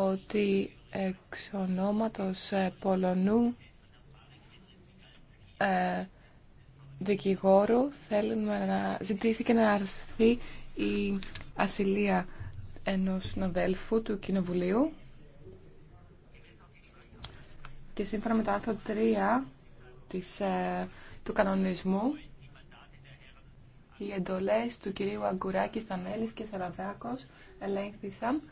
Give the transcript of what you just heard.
ότι εξ ονόματος ε, Πολωνού ε, δικηγόρου θέλουμε να ζητήθηκε να αρθεί η ασυλία ενός συναδέλφου του Κοινοβουλίου και σύμφωνα με το άρθρο 3 της, ε, του κανονισμού οι εντολές του κυρίου Αγκουράκη, Στανέλης και Σαραβράκος ελέγχθησαν